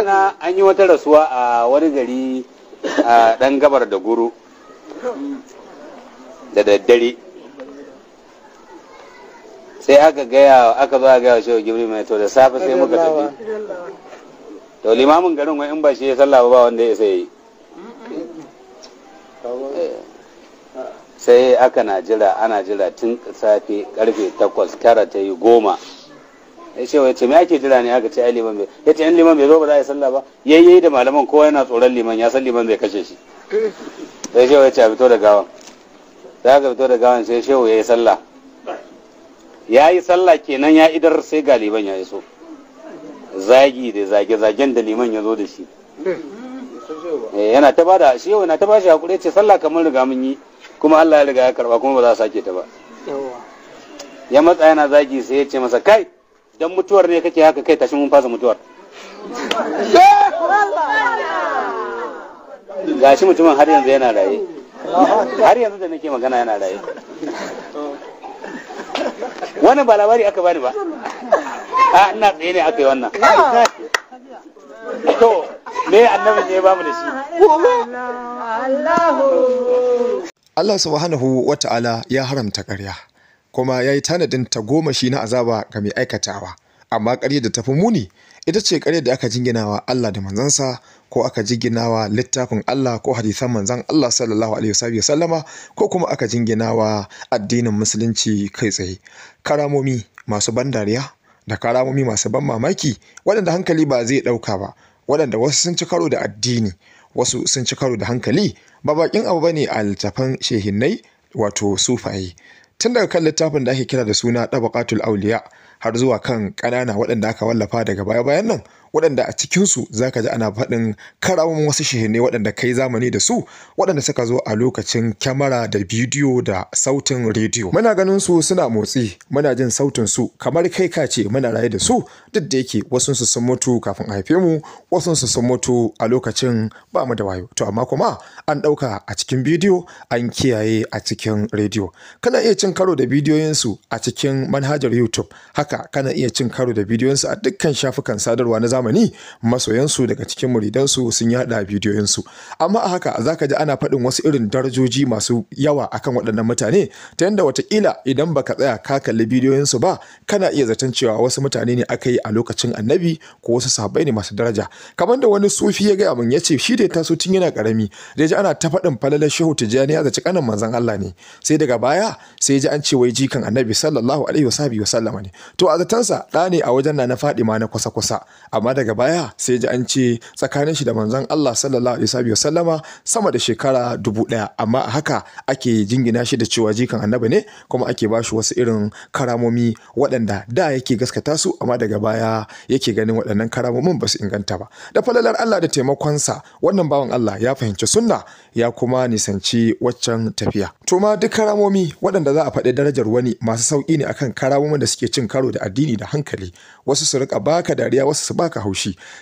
rana an yi wata rasuwa a wani gari a ɗan gabar da guru da daddare sai aka gaya aka zo a gaya shehu gibri mai to da safe sai muka tafi to limamin garin wai in ba shi ya sallah ba wanda ya sai sai aka na jira ana jira tun safe karfe takwas tara ta yi goma ya ce ya me ake jira ne aka ce ai liman bai ya ce in liman bai zo ba za a yi sallah ba yayyayi da malaman kowa yana tsoron liman ya san liman bai kashe shi sai shehu ya ce a fito da gawan sai aka fito da gawan sai shehu ya yi sallah ya yi sallah kenan ya idar sai ga liman ya iso zagi da zage-zagen da liman ya zo da shi eh, yana ta bada shehu yana ta bashi hakuri ce sallah kamar riga mun yi kuma Allah ya riga ya karba kuma ba za a sake ta ba ya matsa yana zagi sai ya ce masa kai don mutuwar ne kake haka kai tashi mun fasa mutuwar gashi mutumin har yanzu yana raye har yanzu da nake magana yana raye wannan ba labari aka bani ba a ina tsaye ne aka yi wannan to me annabi ne ba mu da shi Allah subhanahu wa ta'ala ya haramta ƙarya kuma ya yi tanadin shi na azaba ga mai aikatawa amma ƙaryar da tafi muni ita ce ƙaryar da aka jingina jinginawa Allah da manzansa ko aka jinginawa littafin Allah ko hadisan manzan Allah sallallahu alaihi sallama ko kuma aka jinginawa addinin musulunci kai tsaye karamomi masu ban dariya da karamomi masu ban mamaki waɗanda hankali ba zai ɗauka ba waɗanda wasu sun ci karo da addini wasu sun ci karo da hankali ba bakin abu bane a littafan shehinnai wato sufaye tun daga kan littafin da ake kira da suna ɗabaƙatul auliya har zuwa kan ƙanana waɗanda aka wallafa daga baya bayan nan waɗanda a cikinsu za ka ji ana faɗin karamin wasu shehene waɗanda kai zamani da su waɗanda suka zo a lokacin kyamara da bidiyo da sautin rediyo muna ganin su suna motsi muna jin sautin su kamar kai ka ce muna raye da su duk da yake wasu su sun mutu kafin a haife mu wasu su sun mutu a lokacin ba mu da wayo to amma kuma an ɗauka a cikin bidiyo an kiyaye a cikin rediyo kana iya cin karo da bidiyoyinsu a cikin manhajar youtube haka kana iya cin karo da bidiyoyinsu a dukkan shafukan sadarwa na zamani zamani masoyansu daga cikin muridansu sun yada bidiyoyinsu amma a haka za ka ji ana faɗin wasu irin darajoji masu yawa akan waɗannan mutane ta yadda watakila idan baka tsaya ka kalli bidiyoyinsu ba kana iya zaton cewa wasu mutane ne aka yi a lokacin annabi ko wasu sahabbai ne masu daraja kamar da wani sufi ya gaya min ya ce shi da ya taso tun yana karami da ji ana ta faɗin falalar shehu tijjani ya zaci kanin manzon Allah ne sai daga baya sai ji an ce wai jikan annabi sallallahu alaihi wa sallama ne to a zatansa ɗa ne a wajen na na faɗi ma na kwasa-kwasa amma amma daga baya sai ji an ce tsakanin shi da manzon Allah sallallahu alaihi wasallama sama da shekara dubu ɗaya amma a haka ake jingina shi da cewa jikan annabi ne kuma ake ba shi wasu irin karamomi waɗanda da yake gaskata su amma daga baya yake ganin waɗannan karamomin ba su inganta ba da falalar Allah da taimakonsa wannan bawan Allah ya fahimci sunna ya kuma nisanci waccan tafiya to ma duk karamomi waɗanda za a faɗi darajar wani masu sauƙi ne akan karamomin da suke cin karo da addini da hankali wasu su rika baka dariya wasu su baka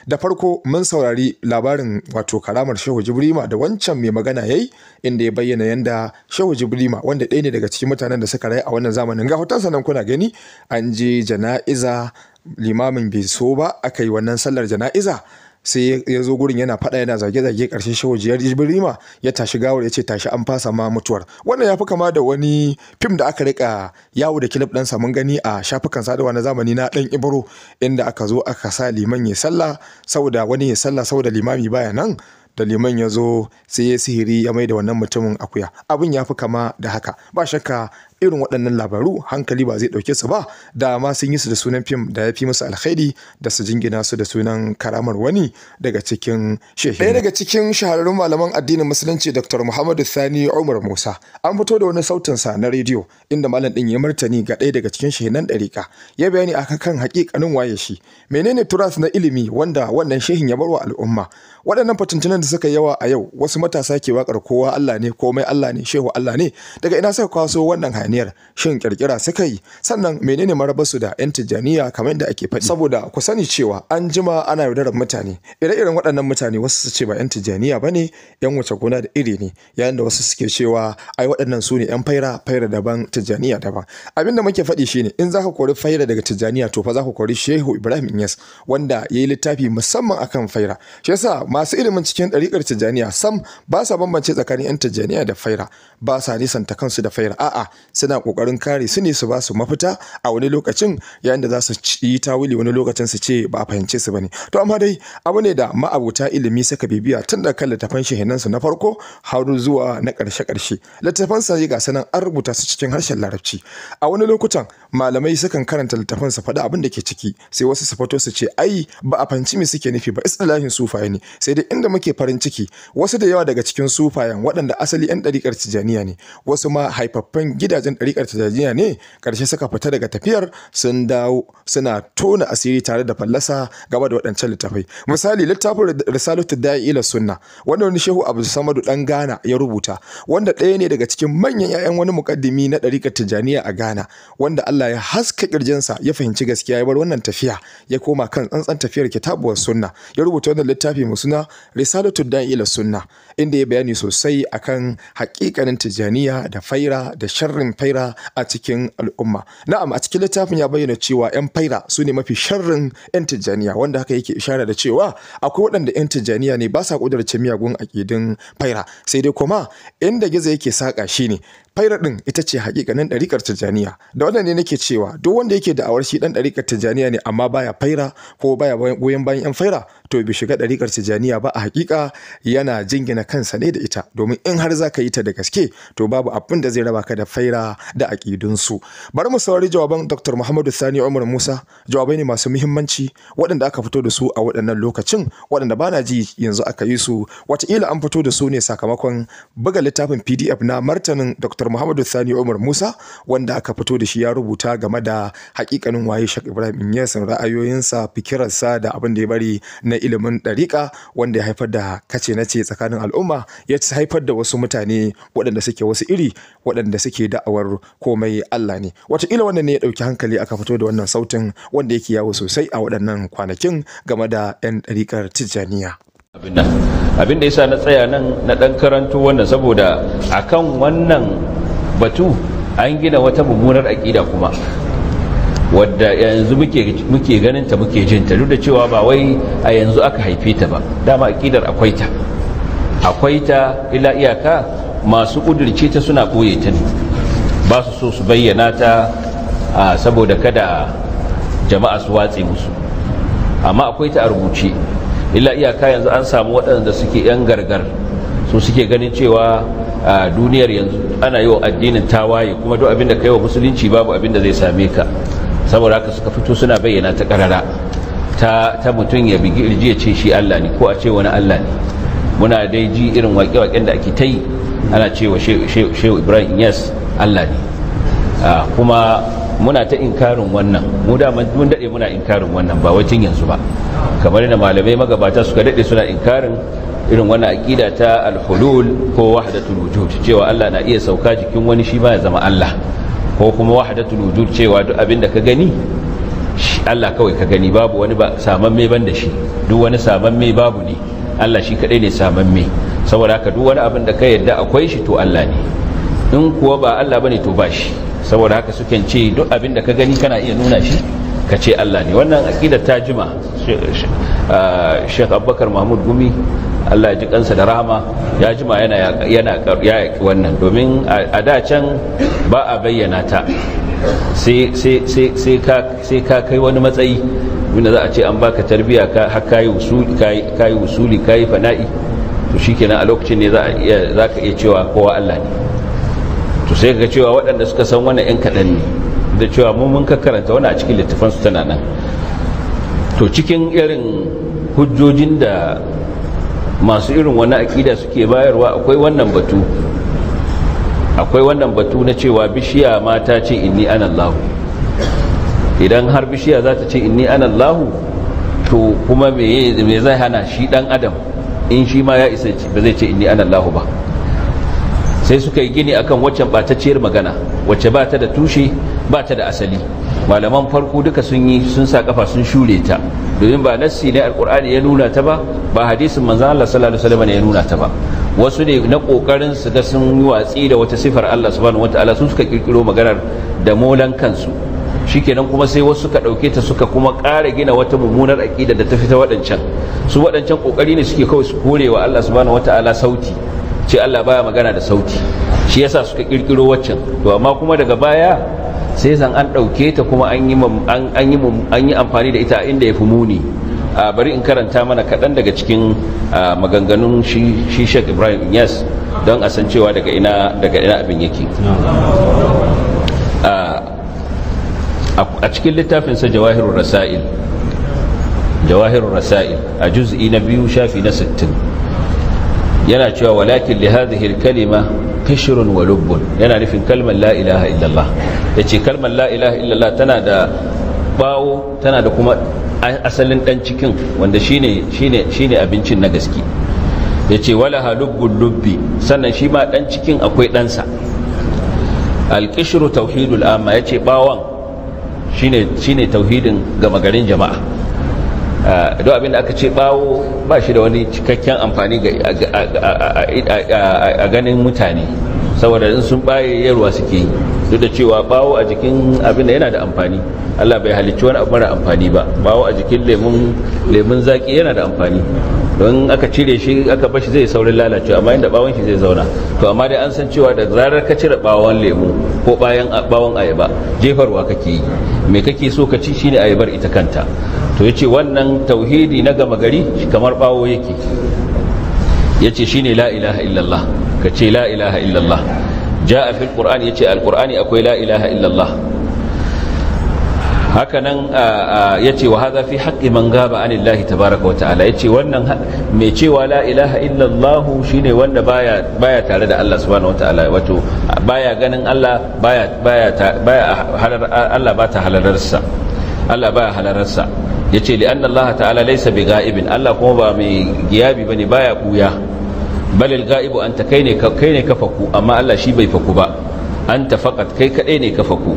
da farko mun saurari labarin wato karamar shehu jibrima da wancan mai magana yayi inda ya bayyana yanda shehu jibrima wanda ɗaya ne daga cikin mutanen da suka rayu a wannan zamanin ga hotonsa nan kuna gani an je jana'iza limamin bai so ba aka yi wannan sallar jana'iza sai ya zo gurin yana faɗa yana zage-zage ƙarshen shawajiyar ibrima ya tashi gawar ya ce tashi an fasa ma mutuwar wannan ya fi kama da wani fim da aka rika yawo da kilif ɗansa mun gani a shafukan sadarwa na zamani na ɗan ibro inda aka zo aka sa liman ya sallah saboda wani ya sallah saboda limami baya nan da liman ya zo sai ya sihiri ya mai da wannan mutumin akuya abin ya fi kama da haka ba shakka irin waɗannan labaru hankali ba zai ɗauke su ba da ma sun yi su da sunan fim da ya fi musu alkhairi da su jingina su da sunan karamar wani daga cikin shehi ɗaya daga cikin shahararrun malaman addinin musulunci dr muhammadu sani umar musa an fito da wani sautin sa na rediyo inda malam ɗin ya martani ga ɗaya daga cikin shehinan ɗariƙa ya bayani a kan haƙiƙanin waye shi menene turas na ilimi wanda wannan shehin ya bar wa al'umma waɗannan fatuntunan da suka yawa a yau wasu matasa ke waƙar kowa Allah ne komai Allah ne shehu Allah ne daga ina suka kwaso wannan tijjaniyar shin kirkira suka yi sannan menene marabarsu da 'yan tijjaniya kamar da ake faɗi saboda ku sani cewa an jima ana yaudarar mutane ire-iren waɗannan mutane wasu su ce ba 'yan tijjaniya ba ne 'yan wuce gona da iri ne yayin da wasu suke cewa ai waɗannan su ne 'yan faira faira daban tijjaniya daban abin da muke faɗi shine in za ka kori faira daga tijjaniya to fa za ka kori shehu ibrahim inyas wanda ya yi littafi musamman akan faira shi yasa masu ilimin cikin ɗariƙar tijjaniya sam ba sa bambance tsakanin 'yan tijjaniya da faira ba sa nisanta kansu da faira a'a suna kokarin kare su ne su ba su mafita a wani lokacin yayin da za su yi tawili wani lokacin su ce ba a fahimce su bane to amma dai abu ne da ma'abuta ilimi saka bibiya tun da kan littafan shehinan su na farko har zuwa na karshe karshe littafan sa ga sanan an rubuta su cikin harshen larabci a wani lokutan malamai sukan karanta littafan su faɗi abin da ke ciki sai wasu su fito su ce ai ba a fahimci me suke nufi ba istilahin sufaye ne sai dai inda muke farin ciki wasu da yawa daga cikin sufayen waɗanda asali 'yan ɗariƙar tijaniya ne wasu ma haifaffen gidajen mabiyan ɗariƙar tijjaniya ne ƙarshe suka fita daga tafiyar sun dawo suna tona asiri tare da fallasa gaba da waɗancan littafai misali littafin risalatu da'i ila sunna wanda wani shehu abu samadu dan Gana ya rubuta wanda ɗaya ne daga cikin manyan 'ya'yan wani muƙaddimi na ɗariƙar tijjaniya a Gana. wanda allah ya haska ƙirjinsa ya fahimci gaskiya ya bar wannan tafiya ya koma kan tsantsan tafiyar kitabuwar sunna ya rubuta wannan littafi mu suna risalatu da'i ila sunna inda ya bayani sosai akan haƙiƙanin Tijaniya da faira da sharrin faira a cikin al'umma na'am a cikin littafin ya bayyana cewa yan faira su ne mafi sharrin yan tijjaniya wanda haka yake ishara da cewa akwai waɗanda yan tijjaniya ne ba sa ƙudurce miyagun aƙidin faira sai dai kuma inda gizo yake saƙa shi ne faira ɗin ita ce nan ɗariƙar tijjaniya da wannan ne nake cewa duk wanda yake da'awar shi ɗan ɗariƙar tijjaniya ne amma baya faira ko baya goyon bayan yan faira to bai shiga ɗarikar tijjaniya ba a haƙiƙa yana jingina kansa ne da ita domin in har za ka yi ta da gaske to babu abin da zai raba ka da faira da aƙidunsu bari mu saurari jawaban dr muhammadu sani umar musa jawabai ne masu muhimmanci waɗanda aka fito da su a waɗannan lokacin waɗanda ba na ji yanzu aka yi su wataƙila an fito da su ne sakamakon buga littafin pdf na martanin dr muhammadu sani umar musa wanda aka fito da shi ya rubuta game da hakikanin waye shak ibrahim inyasin ra'ayoyinsa fikirarsa da abin da ya bari na ilimin ɗariƙa wanda ya haifar da kace na ce tsakanin al'umma ya haifar da wasu mutane waɗanda suke wasu iri waɗanda suke da'awar cewar komai Allah ne wataƙila wannan ne ya ɗauki hankali aka fito da wannan sautin wanda yake yawo sosai a waɗannan kwanakin game da 'yan ɗariƙar tijjaniya abin da sa na tsaya nan na ɗan karantu wannan saboda a kan wannan batu an gina wata mummunar aƙida kuma wadda yanzu muke ganin ta muke jin ta duk da cewa ba wai a yanzu aka haife ta ba dama akidar akwai ta akwai ta ila iyaka masu ƙudurce ta suna boye ta ba su so su bayyana ta saboda kada jama'a su watse musu amma akwai ta a rubuce illa iyaka yanzu an samu waɗanda suke 'yan gargar su suke ganin cewa a duniyar yanzu ana yi wa addinin tawaye kuma duk abinda kai wa musulunci babu abinda zai same ka saboda haka suka fito suna bayyana ta karara ta mutum ya bigi irji ya ce shi Allah ne ko a ce wani Allah ne muna dai ji irin waƙe-waƙen da ake ta ana cewa shehu ibrahim yas Allah ne ah, kuma muna ta inkarin wannan mu da mun dade muna inkarin wannan ba wacin yanzu ba kamar da malamai magabata suka dade suna inkarin irin wannan aqida ta al-hulul ko wahdatul wujud cewa Allah na iya sauka jikin wani shi ba ya zama Allah ko kuma wahdatul wujud cewa duk abin da ka gani Allah kawai ka gani babu wani ba saman ban da shi duk wani saman mai babu ne Allah shi kadai ne saman mai saboda haka duk wani abin da ka yarda akwai shi to Allah ne in kuwa ba Allah bane to ba shi saboda haka suke ce duk abin da ka gani kana iya nuna shi ka ce Allah ne wannan aqidar ta jima uh, Sheikh Abubakar Mahmud Gumi Allah ji kansa da rahama ya jima yana yana ya wannan domin a da can ba a bayyana ta sai sai sai ka sai ka kai wani matsayi wanda za a ce an baka tarbiya ka har kai usuli kai kai usuli kai fana'i to shikenan a lokacin ne za ka iya cewa kowa Allah ne sai ka cewa waɗanda suka san wani 'yan kaɗan ne da cewa mun ka karanta wani a cikin littafansu tana nan to cikin irin hujjojin da masu irin wani akida suke bayarwa akwai wannan batu akwai wannan batu na cewa bishiya mata ce inni allahu idan har bishiya za ta ce inni allahu to kuma me zai hana shi dan adam in shi ma ya isa ba zai ce inni allahu ba sai suka yi gini akan waccan batacciyar magana wacce ba ta da tushe ba ta da asali malaman farko duka sun yi sun sa kafa sun shure ta domin ba nassi ne alkur'ani ya nuna ta ba ba hadisin manzo Allah sallallahu alaihi wasallam ne ya nuna ta ba wasu ne na kokarin su ga sun yi watsi da wata sifar Allah subhanahu wataala sun suka kirkiro maganar da molan kansu shikenan kuma sai wasu suka dauke ta suka kuma ƙara gina wata mummunar aqida da ta fita waɗancan su waɗancan kokari ne suke kawai su kore wa Allah subhanahu wataala sauti ce Allah baya magana da sauti shi yasa suka kirkiro waccan to amma kuma daga baya sai zan an ɗauke ta kuma an yi amfani da ita inda ya fi muni bari in karanta mana kaɗan daga cikin maganganun shi shi Sheikh ibrahim yes don a san cewa daga ina abin yake a cikin littafinsa Jawahirur rasa'il Jawahirur rasa'il a juz'i na biyu shafi na sittin. yana cewa walakin li hadhihi kalima fishrun wa lubbun yana nufin kalmar la ilaha illallah yace kalmar la ilaha illallah tana da bawo tana da kuma asalin dan cikin wanda shine shine shine abincin na gaske yace wala halubbul lubbi sannan shi ma dan cikin akwai ɗansa al-qishru tauhidul amma yace bawon shine shine tauhidin gama garin jama'a Eh, don abin da aka ce bawo ba shi da wani cikakken amfani a ganin mutane saboda in sun baye yarwa suke yi duk da cewa bawo a jikin abin da yana da amfani Allah bai halicci wani abu mara amfani ba bawo a jikin lemun zaki yana da amfani don aka cire shi aka bashi zai saurin lalace amma inda bawon shi zai zauna to amma dai an san cewa da zarar ka cire bawon lemu ko bayan bawon ayaba jefarwa kake yi me kake so ka ci shine ayabar ita kanta to yace wannan tauhidi na gama gari kamar bawo yake yace shine la ilaha illallah ka ce la ilaha illallah jaa fil qur'ani yace alqur'ani akwai la ilaha illallah hakanan ya ce wa haza fi haƙƙi man gaba anillahi tabaraka wa ta'ala ya ce wannan mai cewa la ilaha illallahu shine wanda baya tare da Allah subhanahu wa ta'ala wato baya ganin Allah baya baya baya halar Allah ba ta halararsa Allah baya halararsa ya ce li'anna Allah ta'ala laysa bi ga'ibin Allah kuma ba mai giyabi bane baya buya balil ga'ibu anta kai kai ne ka faku amma Allah shi bai faku ba anta faqat kai kadai ne ka faku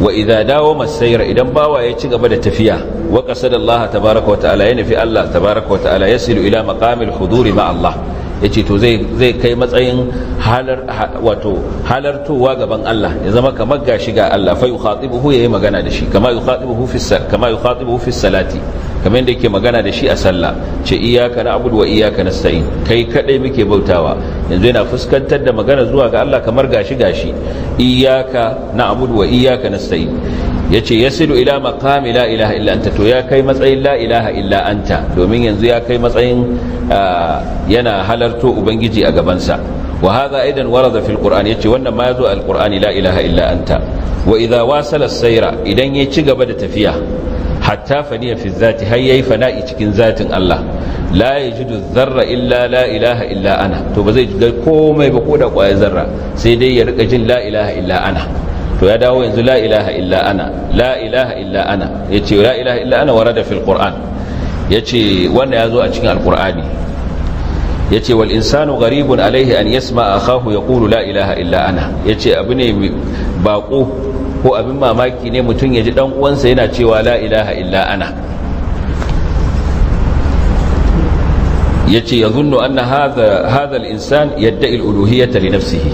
wa idza dawo masaira idan bawa ya ci gaba da tafiya wa qasadallaha tabaaraka wa ta'ala ya nufi Allah tabaaraka wa ta'ala yasilu ila maqamil huduri ma Allah yace to zai zai kai matsayin halar wato halartowa gaban Allah ya zama kamar gashi ga Allah fa yukhatibuhu yayi magana da shi kama yukhatibuhu fi kama yukhatibuhu fi salati kamar da yake magana da shi a sallah ce na na'budu wa na nasta'in kai kadai muke bautawa yanzu yana fuskantar da magana zuwa ga Allah kamar gashi gashi na na'budu wa iyyaka nasta'in yace yasilu ila makami la ilaha illa anta to ya kai matsayin la ilaha illa anta domin yanzu ya kai matsayin yana halarto ubangiji a gabansa wa hadha aidan warada fil qur'an yace wannan ma yazo al qur'ani la ilaha illa anta wa idha wasala sayra idan ya ci gaba da tafiya hatta faniya fi zati har yayi fana'i cikin zatin Allah la yajidu dharra illa la ilaha illa ana to ba zai ga komai ba koda kwaya zarra sai dai ya rika jin la ilaha illa ana to ya dawo yanzu la ilaha illa ana la ilaha illa ana yace la ilaha illa ana warada fil qur'an yace wanda yazo a cikin alqur'ani yace wal insanu gharibun alaihi an yasma akhahu yaqulu la ilaha illa ana yace abu ne bako ko abin mamaki ne mutum ya ji dan uwansa yana cewa la ilaha illa ana yace yazunnu anna hadha hadha al-insan yad'i al-uluhiyyata li nafsihi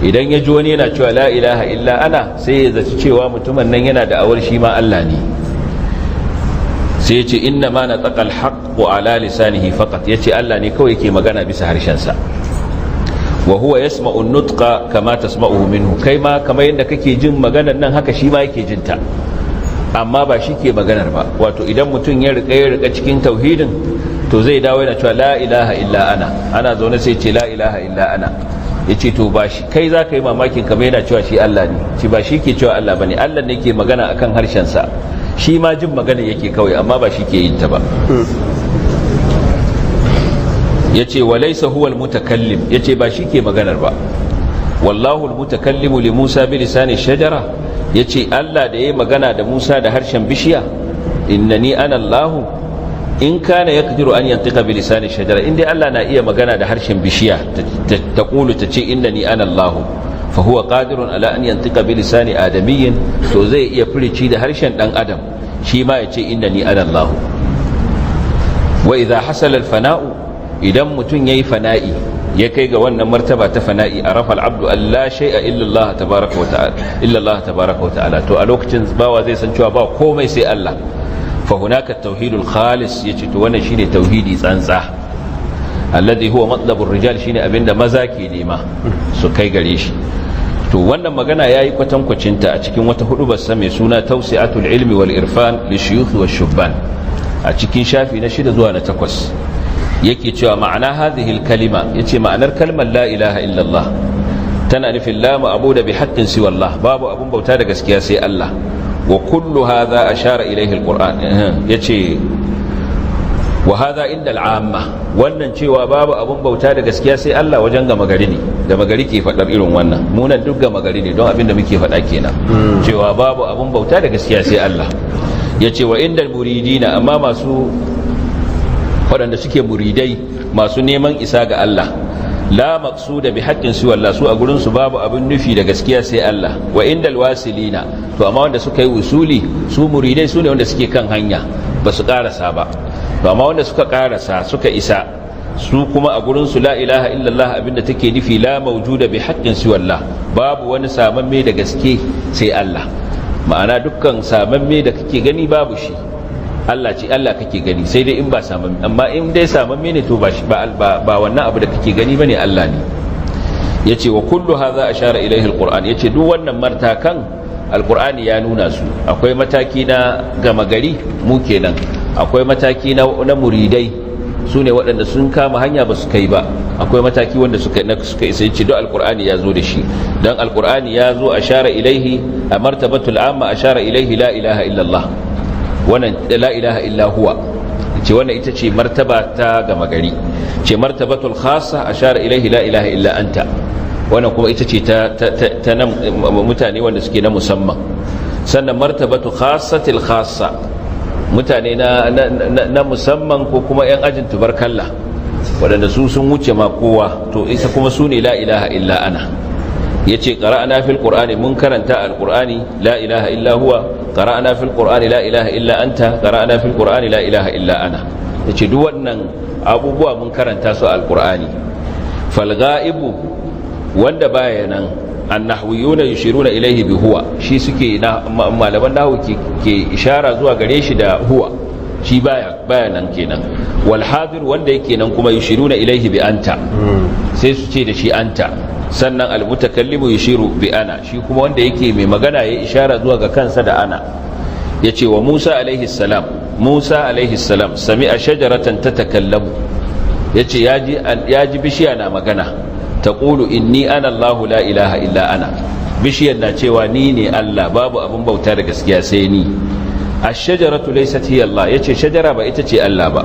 idan ya ji wani yana cewa la ilaha illa ana sai ya zaci cewa mutumin nan yana da awar shi ma Allah ne sai yace inna ma nataqal haqqu ala lisanihi faqat yace Allah ne kawai yake magana bisa harshen sa wa huwa yasma'u nutqa kama tasma'uhu minhu kai ma kamar yadda kake jin maganar nan haka shi ma yake jin ta amma ba shi ke maganar ba wato idan mutum ya rika ya rika cikin tauhidin to zai dawo yana cewa la ilaha illa ana ana zaune sai ce la ilaha illa ana yace to ba shi kai za ka yi mamakin kamar yana cewa shi Allah ne shi ba shi ke cewa Allah bane Allah ne ke magana akan harshen sa shi ma jin magana yake kawai amma ba shi ke yin ta ba hmm. yace walaysa huwa ya yace ba shi ke maganar ba wallahu almutakallimu li Musa bi lisani shajara yace Allah da yayi magana da Musa da harshen bishiya innani ana Allahu in kana yaqdiru an yantiqa bi shajara in dai Allah na iya magana da harshen bishiya ta kulu ta ce innani ana Allahu fa huwa qadirun ala an yantiqa bi lisani adamiyyin to zai iya furici da harshen dan adam shi ma yace innani ana Allahu wa idha hasala al-fana'u idan mutum yayi fana'i ya kai ga wannan martaba ta fana'i a rafal abdu Allah shay'a illallah tabaraka wa ta'ala wa ta'ala to a lokacin bawa zai san cewa ba komai sai Allah fa hunaka tauhidul khalis ya ce to wannan shine tauhidi tsantsa alladhi huwa matlabur rijal shine abinda maza ke nema su kai gare shi to wannan magana yayi kwatankwacin ta a cikin wata hudu sa mai suna tawsi'atul ilmi wal irfan li shuyukh wa shubban a cikin shafi na 6 zuwa na 8 yake cewa ma'ana hadhihi kalima yace ma'anar kalmar la ilaha illallah tana nufin la ma'budu bi haqqin siwa Allah babu abun bauta da gaskiya sai Allah wa kullu hadha ashara ilayhi alquran eh, yace wa hadha inda al'amma wannan cewa babu abun bauta da gaskiya sai Allah wajen gama gari ne da magari ke fadar irin wannan munan duk gama gari ne don abin da muke fada kenan hmm. cewa babu abun bauta da gaskiya sai Allah yace wa inda muridina amma masu waɗanda suke muridai masu neman isa ga Allah la da bi haƙƙin su wallah su a gurin su babu abin nufi da gaskiya sai Allah wa indal wasilina to amma wanda suka yi usuli su muridai su ne wanda suke kan hanya ba su karasa ba to amma wanda suka karasa suka isa su kuma a gurin su la ilaha illallah abinda take nufi la mawjuda bi haƙƙin su wallah babu wani samamme da gaske sai Allah ma'ana dukkan samamme da kake gani babu shi Allah ce Allah kake gani sai dai in ba samamme amma in dai samamme ne to ba ba wannan abu da kake gani bane Allah ne yace wa kullu hadha ashara ilayhi alquran yace duk wannan martakan alqurani ya nuna su akwai mataki na gama gari mu kenan akwai mataki na na muridai su ne waɗanda sun kama hanya ba su kai ba akwai mataki wanda suka suka isa yace duk alqurani ya zo da shi dan alqurani ya zo ashara ilaihi a martabatul amma ashara ilaihi la ilaha illallah wannan la ilaha illa huwa ce wannan ita ce martaba ta gama gari ce martabatul khassa ashara ilaihi la ilaha illa anta wannan kuma ita ce ta ta nan mutane wanda suke na musamman sannan martabatu khassatil khassa mutane na na musamman ko kuma yan ajin tubarkalla waɗanda su sun wuce ma kowa to isa kuma su ne la ilaha illa ana Ya ce qara'na fil qur'ani mun karanta alqur'ani la ilaha illa huwa qara'na fil ƙur'ani la ilaha illa anta qara'na fil ƙur'ani la ilaha illa ana ce duk wannan abubuwa mun karanta su alqur'ani fal ghaibu wanda baya nan annahwiyuna yushiruna ilayhi bi huwa shi suke na malaman nahwu ke ishara zuwa gare shi da huwa shi baya baya nan kenan wal hadir wanda yake nan kuma yushiruna ilaihi bi anta hmm. sai su ce da shi anta sannan almutakallimu yashiru bi ana shi kuma wanda yake mai magana ya ishara zuwa ga kansa da ana yace wa Musa alaihi salam Musa alaihi salam sami'a shajaratan Ya ce ya ji bishiya na magana Ta kulu inni ana Allah la ilaha illa ana bishiyar na cewa ni ne Allah babu abin bauta da gaskiya sai ni ash-shajaratu laysat hiya Allah yace shajara ba ita ce Allah ba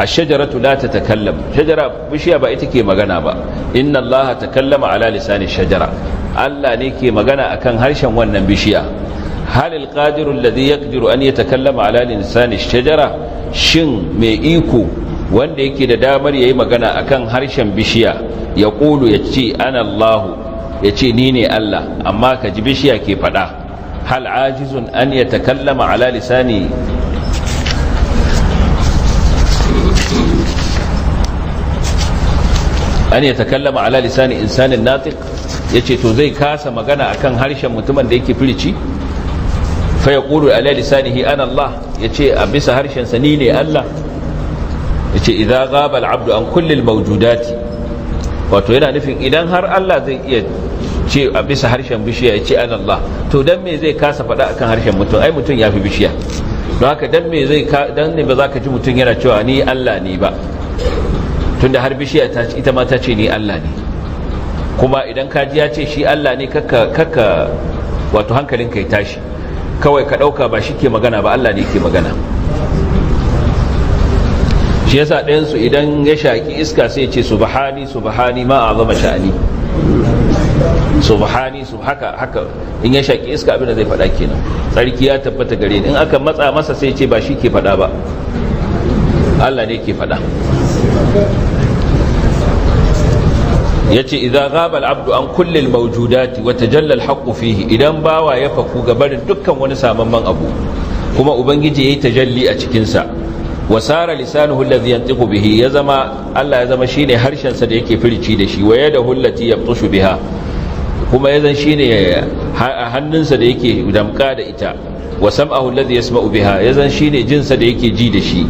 ash-shajaratu la tatakallam shajara bishiya ba ita ke magana ba inna allaha takallama ala lisani shajara allah ne ke magana akan harshen wannan bishiya hal al-qadiru alladhi yaqdiru an yatakallama ala lisani shajara shin mai iko wanda yake da damar ya yi magana akan harshen bishiya ya qulu yace ana allah yace ni ne allah amma kaji bishiya ke faɗa hal ajizun an yatakallama ala lisani an ya takallama ala lisani insanin natiq ce to zai kasa magana a kan harshen mutumin da yake firici fa yaqulu ala lisanihi an Allah ya ce a bisa harshen sa ni ne Allah Ya ce idan al-abdu an kulli al-mawjudat wato yana nufin idan har Allah zai iya ce a bisa harshen bishiya ya ce an Allah to dan me zai kasa faɗa akan harshen mutum ai mutum ya fi bishiya don haka dan me zai dan ne ba za ka ji mutum yana cewa ni Allah ne ba tunda har bishiya ita ma ta ce ni Allah ne kuma idan ka ji ya ce shi Allah ne kakka wato ka ya tashi kawai ka ɗauka ba shi ke magana ba Allah ne ke magana shi yasa su idan ya shaƙi iska sai ce subhani subhani ma a zama sha'ani subhani su haka haka in ya shaƙi iska abin da zai faɗa kenan tsarki ya tabbata gare ni in aka matsa masa sai ce ba shi ke faɗa ba Allah ne ke faɗa yace idza ghaba al-abdu an kulli al-mawjudati wa tajalla al fihi idan bawa ya faku gabarin dukkan wani samamman abu kuma ubangiji yayi tajalli a cikin sa wa sara lisanuhu alladhi yantiqu bihi ya zama Allah ya zama shine harshen sa da yake firici da shi waya da allati yabtushu biha kuma ya zan shine hannunsa da yake damka da ita wa sam'ahu alladhi yasma'u biha yazan shine jinsa da yake ji da shi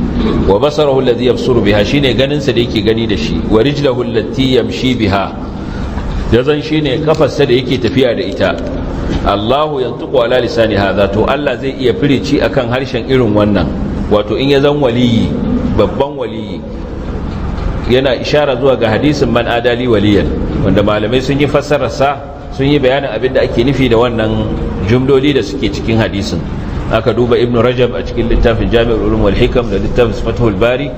wa basarahu alladhi yabsuru biha shine ganin sa da yake gani da shi wa rijluhu allati yamshi biha yazan shine kafarsa da yake tafiya da ita Allahu yantiqu ala lisani hadha to Allah zai iya firici a kan harshen irin wannan wato in ya zan waliyi babban waliyi yana ishara zuwa ga hadisin man adali waliyan wanda malamai sun yi fassararsa sun yi bayanin abin da ake nufi da wannan jumloli da suke cikin hadisin aka duba ibn rajab a cikin littafin jami'ul ulum wal hikam da littafin fathul bari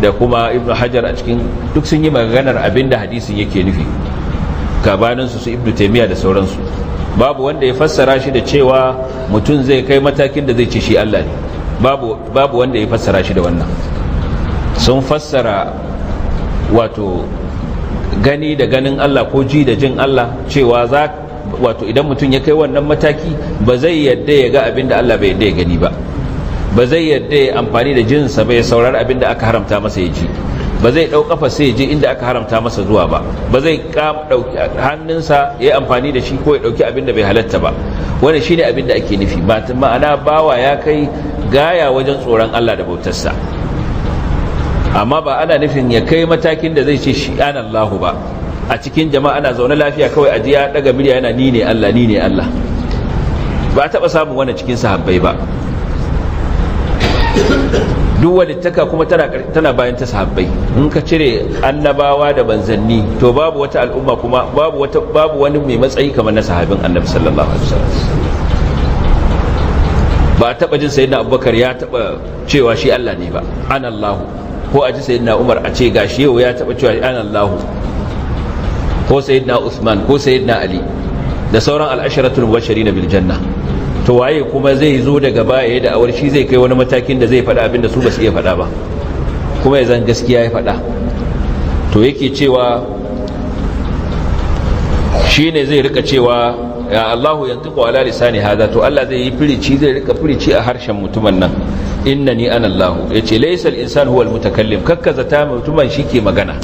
da kuma ibn hajar a cikin duk sun yi maganar abinda hadisin yake nufi gabanin su su ibn taymiya da sauransu babu wanda ya fassara shi da cewa mutum zai kai matakin da zai ci shi Allah ne babu babu wanda ya fassara shi da wannan sun fassara wato gani da ganin Allah ko ji da jin Allah cewa za wato idan mutum ya kai wannan mataki ba zai yadda ya ga abin da Allah bai yadda ya gani ba ba zai yadda ya amfani da jinsa bai saurari abin da aka haramta masa ya ji ba zai ɗau ƙafa sai je inda aka haramta masa zuwa ba ba zai ɗauki hannunsa ya amfani da shi ko ya ɗauki abin da bai halatta ba wani shine abin da ake nufi ma'ana bawa ya kai gaya wajen tsoron Allah da bautar sa. amma ba ana nufin ya kai matakin da zai ce shi anallahu ba a cikin jama'a ana zaune lafiya kawai a jiya daga murya yana ni ne Allah ni ne Allah ba a taɓa samun wani cikin sahabbai ba duk taka kuma tana bayan ta sahabbai in ka cire annabawa da banzanni to babu wata al'umma kuma babu wata babu wani mai matsayi kamar na sahabin annabi sallallahu alaihi wasallam ba taba jin sayyidina abubakar ya taba cewa shi Allah ne ba anallahu ko a ji sayyidina umar a ce gashi yau ya taba cewa anallahu ko sayyidina Uthman ko sayyidina Ali da sauran al'asharatul mubashirin bil janna to waye kuma zai zo daga baya da awar shi zai kai wani matakin da zai faɗa abin da su ba su iya faɗa ba kuma ya zan gaskiya ya faɗa to yake cewa shine zai rika cewa ya Allahu yantiqu ala lisani hada to Allah zai yi firici zai rika firici a harshen mutumin nan innani ana Allahu yace laysal insanu huwal mutakallim kakkaza ta mutumin shike magana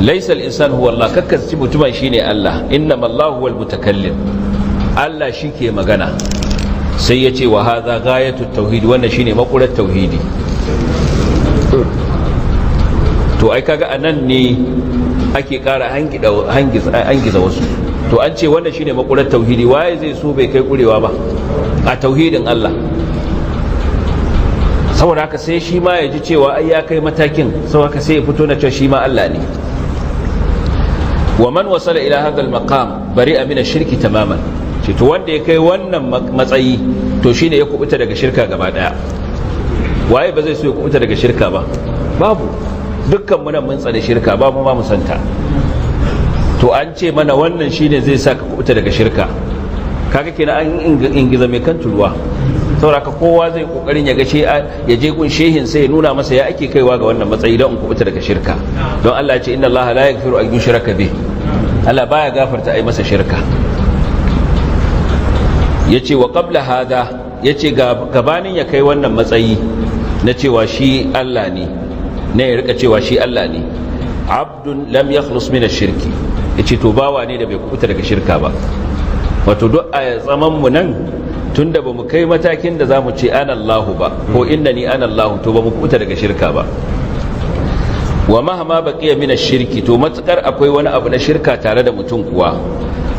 laisal insan huwa Allah kakkaci mutumin shine Allah innama Allah huwal mutakallim Allah shike magana sai ya ce wa hadha ghayatut tauhid wannan shine makurar tauhidi to ai kaga anan ne ake kara hangiza wasu to an ce wannan shine makurar tauhidi waye zai so bai kai kurewa ba a tauhidin Allah saboda haka sai shi ma ya ji cewa ai ya kai matakin saboda haka sai ya fito na cewa shi ma Allah ne wa man wasala ila hadha al-maqam bari'a min shirki tamaman ce to wanda ya kai wannan matsayi to shine ya kubuta daga shirka gaba daya waye ba zai so ya kubuta daga shirka ba babu dukkan mu nan mun tsare shirka babu ma mu santa to an ce mana wannan shine zai sa ka kubuta daga shirka kaga kenan an ingiza mai kan tulwa ka kowa zai kokarin ya gace ya je gun shehin sai ya nuna masa ya ake kaiwa ga wannan matsayi don in kubuta daga shirka don Allah ya ce inna Allah la yaghfiru an yushraka bihi Allah baya gafarta ai masa shirka ce wa qabla hada ce gabanin ya kai wannan matsayi na cewa shi Allah ne na ya rika cewa shi Allah ne abdun lam min ash-shirki yace to bawa ne da bai kubuta daga shirka ba wato duk a tsaman mu nan tunda bamu kai matakin da zamu ce an Allahu ba ko innani an Allahu to bamu mu daga shirka ba wa mahama baqiya min ash-shirki to matukar akwai wani abu na shirka tare da mutum kuwa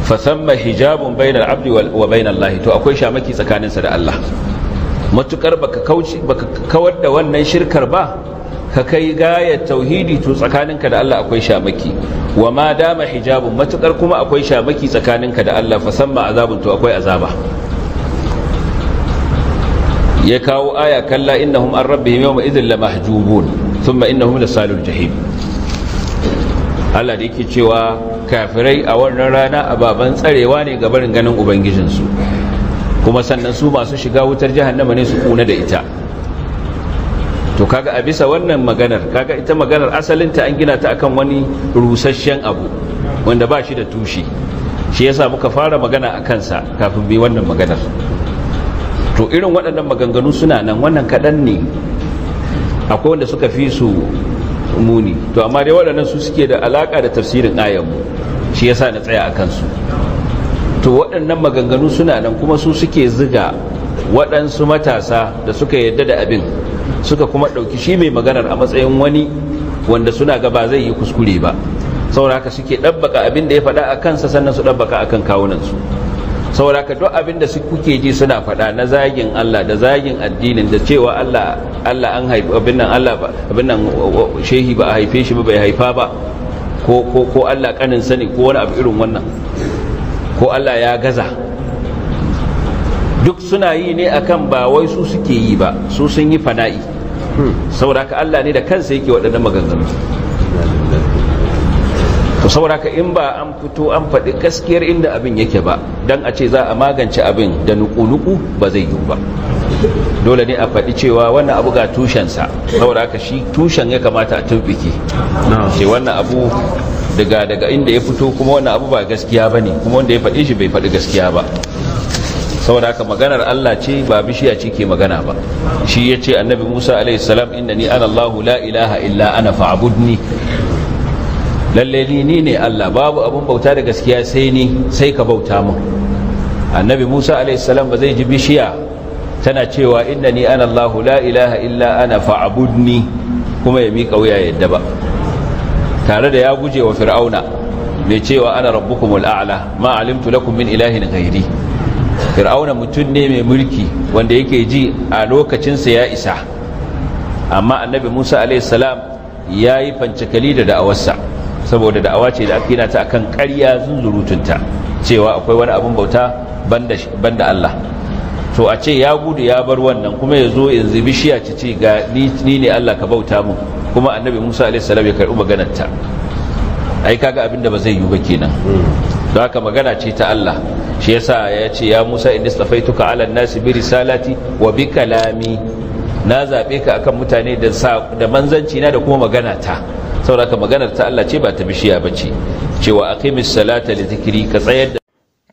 fa thamma hijabun bainal abdi wa bainal lahi to akwai shamaki tsakaninsa da Allah matukar baka kauce baka kawar da wannan shirkar ba ka kai gayar tauhidi to tsakaninka da Allah akwai shamaki wa ma dama hijabun matukar kuma akwai shamaki tsakaninka da Allah fa samma azabun to akwai azaba ya kawo aya kalla innahum an rabbihim yawma idhil lamahjubun thumma innahum lasalul jahim Allah da yake cewa kafirai a wannan rana ababan tsarewa ne ga barin ganin ubangijinsu kuma sannan su masu shiga wutar jahannama ne su kuna da ita to kaga a bisa wannan maganar kaga ita maganar asalinta an gina ta akan wani rusasshen abu wanda ba shi da tushe shi yasa muka fara magana a kansa kafin bi wannan maganar to irin waɗannan maganganu suna nan wannan kaɗan ne akwai wanda suka fi su muni to amma dai waɗannan su suke da alaƙa da tafsirin ayanmu shi yasa na tsaya a kansu to waɗannan maganganu suna nan kuma su suke ziga waɗansu matasa da suka yadda da abin suka kuma ɗauki shi mai maganar a matsayin wani wanda suna gaba zai yi kuskure ba saboda haka suke ɗabbaka abin da ya faɗa a kansa sannan su ɗabbaka a kan kawunansu saboda duk abin da kuke ji suna faɗa na zagin Allah da zagin addinin da cewa Allah Allah an haifi abin nan Allah ba abin nan shehi ba a haife shi ba bai haifa ba ko ko ko Allah kanin sani ko wani abu irin wannan ko Allah ya gaza duk suna yi ne akan ba wai su suke yi ba su sun yi fana'i hmm. saboda Allah ne da kansa yake waɗannan maganganu to saboda ka in ba an fito an faɗi gaskiyar inda abin yake ba don a ce za a magance abin da nuku-nuku ba zai yiwu ba dole ne a faɗi cewa wannan abu ga tushensa saboda ka shi tushen ya kamata a turbiki ce wannan abu daga daga inda ya fito kuma wannan abu ba gaskiya ba ne kuma wanda ya faɗi shi bai faɗi gaskiya ba saboda haka maganar Allah ce ba bishiya ce ke magana ba shi ya ce annabi musa alaihi salam inna ni ana la ilaha illa ana fa'abudni lalle ni ni ne Allah babu abun bauta da gaskiya sai ni sai ka bauta min annabi Musa alaihi salam ba zai ji bishiya tana cewa inda ana Allah la ilaha illa ana fa'budni kuma ya miƙa wuya yadda ba tare da ya guje wa fir'auna mai cewa ana rabbukumul a'la ma alimtu lakum min ilahin ghairi fir'auna mutum ne mai mulki wanda yake ji a lokacinsa ya isa amma annabi musa a.s. ya yi fancikali da da'awarsa saboda da'awa ce da akina ta akan ƙarya zunzurutunta cewa akwai wani abin bauta banda Allah to a ce ya gudu ya bar wannan kuma ya zo yanzu bishiya ci ce ga ni ne Allah ka bauta mu kuma annabi Musa alaihi salam ya karɓi maganarta ai kaga abin da ba zai yi ba kenan don haka magana ce ta Allah shi yasa ya ce ya Musa inni stafaituka ala nasi bi risalati wa bi kalami na zabe ka akan mutane da da manzanci na da kuma magana ta saboda maganar ta Allah ce ba ta bishiya ce cewa aqimis salata li zikri ka tsayar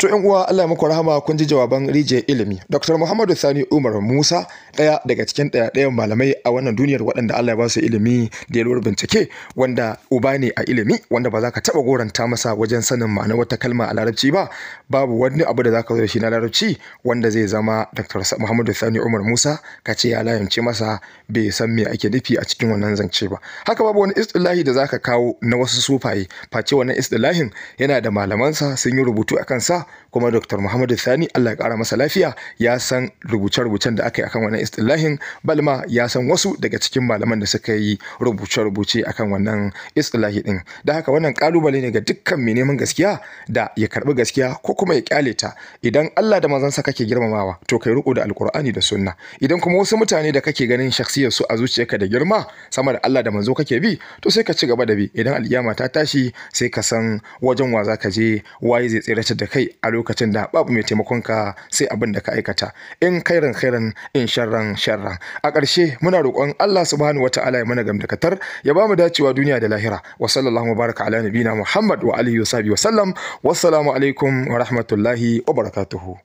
To 'yan uwa Allah ya muku rahama kun ji jawaban rije ilimi. Dr. Muhammadu Sani Umar Musa ɗaya daga cikin ɗaya ɗayan malamai a wannan duniyar waɗanda Allah ya ba su ilimi da yalwar bincike wanda uba ne a ilimi wanda ba za ka taɓa goranta masa wajen sanin ma'anar wata kalma a larabci ba babu wani abu da za ka zo shi na larabci wanda zai zama Dr. Muhammadu Sani Umar Musa ka ce ya layance masa bai san me ake nufi a cikin wannan zance ba. Haka babu wani istilahi da za ka kawo na wasu sufaye face wannan istilahin yana da malamansa sun yi rubutu a kansa kuma dr muhammadu sani allah ya kara masa lafiya ya san rubuce-rubucen da aka yi akan wannan istilahin balma ya san wasu daga cikin malaman da suka yi rubuce-rubuce akan wannan istilahi din da haka wannan kalubale ne ga dukkan mai neman gaskiya da ya karbi gaskiya ko kuma ya kyale ta idan allah da mazansa kake girmamawa to kai riko da alkur'ani da sunna idan kuma wasu mutane da kake ganin shaksiyar su a zuciyarka da girma sama da allah da manzo kake bi to sai ka ci gaba da bi idan alyama ta tashi sai ka san wajen wa za ka je waye zai tsiratar da kai a lokacin da babu mai taimakon ka sai abin da ka aikata in khairan khairan in sharran sharran a ƙarshe muna roƙon Allah subhanahu wata'ala ya mana gamdakatar ya bamu dacewa duniya da lahira wa sallallahu baraka ala nabina Muhammad wa alihi wa sahbihi wa wassalamu alaikum wa rahmatullahi wa barakatuhu